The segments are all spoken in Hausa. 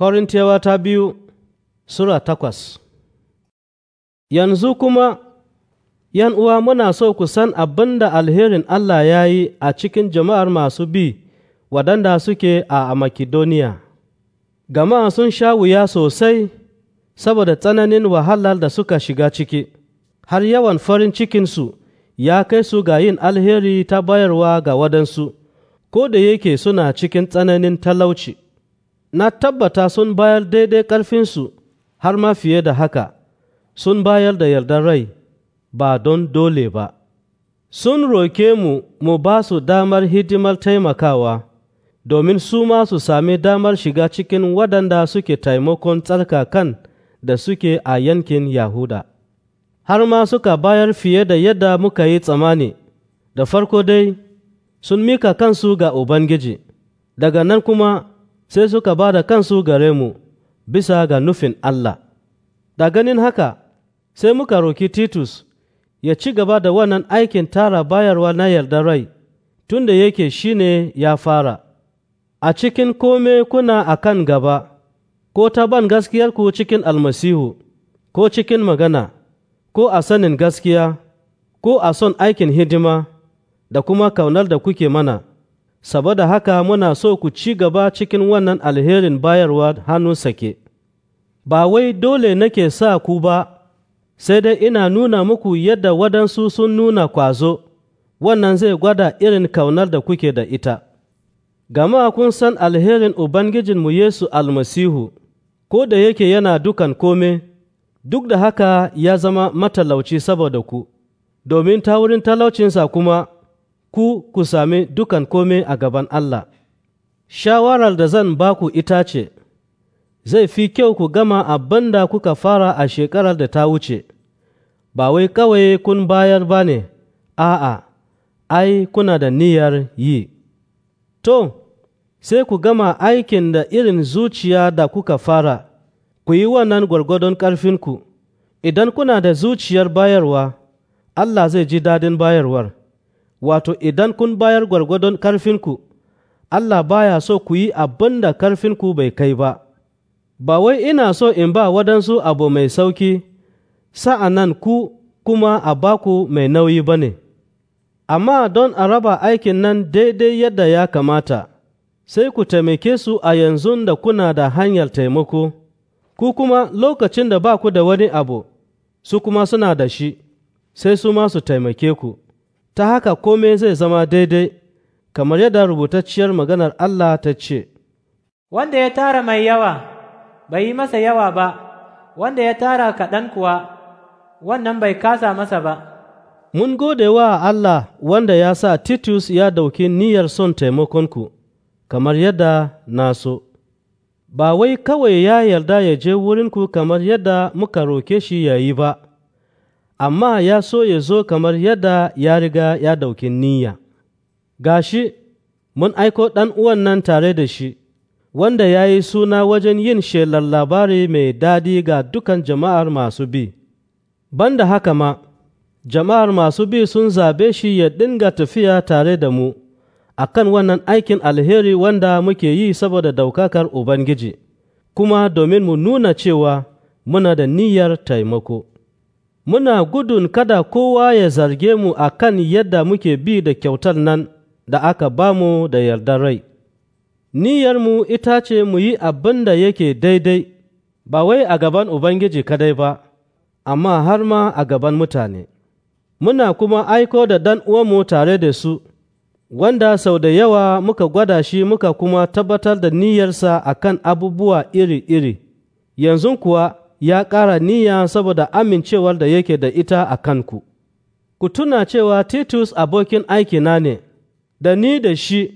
Korintiyawa ta biyu Sura takwas Yanzu kuma, ‘yan uwa muna so ku san abin da alherin Allah ya yi a cikin jama'ar masu bi waɗanda suke a Makedoniya, gama sun sha wuya sosai saboda tsananin wahalar da suka shiga ciki, har yawan farin cikinsu ya kai su ga yin alheri ta bayarwa ga waɗansu, ko da yake suna cikin tsananin talauci. na tabbata sun bayar daidai ƙarfinsu har ma fiye da haka sun bayar da yardar rai ba don dole ba sun roke mu mu ba su damar hidimar taimakawa domin su ma su sami damar shiga cikin waɗanda suke taimakon kan da suke a yankin Yahuda, har ma suka bayar fiye da yadda muka yi tsamani, da farko dai sun mika kansu ga Ubangiji, daga nan kuma sai suka ba da kansu gare mu bisa ga nufin Allah. Da ganin haka, sai muka roki Titus ya ci gaba da wannan aikin tara bayarwa na yarda rai, tun da yake shi ne ya fara. A cikin kome kuna a kan gaba, ko ta ban gaskiyarku cikin almasihu, ko cikin magana, ko a sanin gaskiya, ko a son aikin hidima, da kuma kaunar da kuke mana. saboda haka muna so ku ci gaba cikin wannan alherin bayarwa hannu sake, ba wai dole nake sa ku ba, sai dai ina nuna muku yadda waɗansu sun nuna kwazo, wannan zai gwada irin kaunar da kuke da ita. Gama kun san alherin Ubangijinmu Yesu almasihu, ko da yake yana dukan kome, duk da haka ya zama matalauci saboda ku, domin ta wurin talaucinsa kuma. ku ku sami dukan kome a gaban Allah. Shawarar da zan ba ku ita ce, zai fi kyau ku gama abin da kuka fara a shekarar da ta wuce, ba wai kawai kun bayar ba ne, a'a, ai, kuna da niyyar yi. To, sai ku gama aikin da irin zuciya da kuka fara, ku yi wannan gwargwadon ƙarfinku, idan kuna da zuciyar bayarwa, Allah zai ji dadin bayarwar. wato idan kun bayar gwargwadon ƙarfinku, Allah baya so ku yi abin da ƙarfinku bai kai ba, ba wai ina so in ba waɗansu abu mai sauki, sa'an ku kuma a baku mai nauyi ba ne, amma don a raba aikin nan daidai yadda ya kamata, sai ku taimake su a yanzu da kuna da hanyar taimako, ku kuma lokacin da ba ku da wani abu, su kuma suna da shi, sai su masu su taimake ku. ta haka kome zai zama daidai kamar yadda rubutacciyar maganar Allah ta ce, Wanda ya tara mai yawa, bai yi masa yawa ba, wanda ya tara kaɗan kuwa, wannan bai kasa masa ba. Mun gode wa Allah wanda ya sa Titus ya dauki niyyar son taimakonku, kamar yadda na so. Ba wai kawai ya yarda ya je wurinku kamar yadda muka roke shi yayi ba. amma ya so ya zo kamar yadda ya riga ya dauki niyya. Gashi, mun aiko ɗan uwan nan tare da shi, wanda ya yi suna wajen yin shelar labari mai dadi ga dukan jama'ar masu bi. Banda haka ma, jama'ar masu bi sun zabe shi ya dinga tafiya tare da mu a kan wannan aikin alheri wanda muke yi saboda daukakar Ubangiji, kuma domin mu nuna cewa muna da niyyar taimako. muna gudun kada kowa ya zarge mu a kan yadda muke bi da kyautar nan da aka ba mu da yarda rai. mu ita ce mu yi abin da yake daidai, ba wai a gaban Ubangiji kadai ba, amma har ma a gaban mutane. Muna kuma aiko da dan uwanmu tare da su, wanda sau da yawa muka gwada shi muka kuma tabbatar da niyyarsa a kan abubuwa iri-iri, yanzu kuwa ya ƙara niyya saboda amincewar da yake da ita a kanku. Ku tuna cewa Titus abokin aikina ne, da ni da shi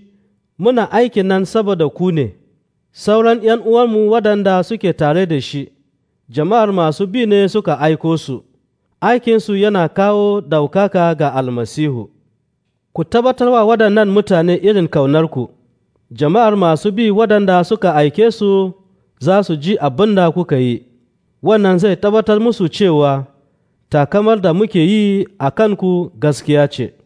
muna aikin nan saboda ku ne, sauran ’yan uwanmu waɗanda suke tare da shi, jama'ar masu bi ne suka aiko su, aikinsu yana kawo ɗaukaka ga almasihu. Ku wa waɗannan mutane irin kaunarku, jama'ar masu bi waɗanda suka aike su za su ji abin da kuka yi. wannan zai tabbatar musu cewa takamar da muke yi a kanku gaskiya ce.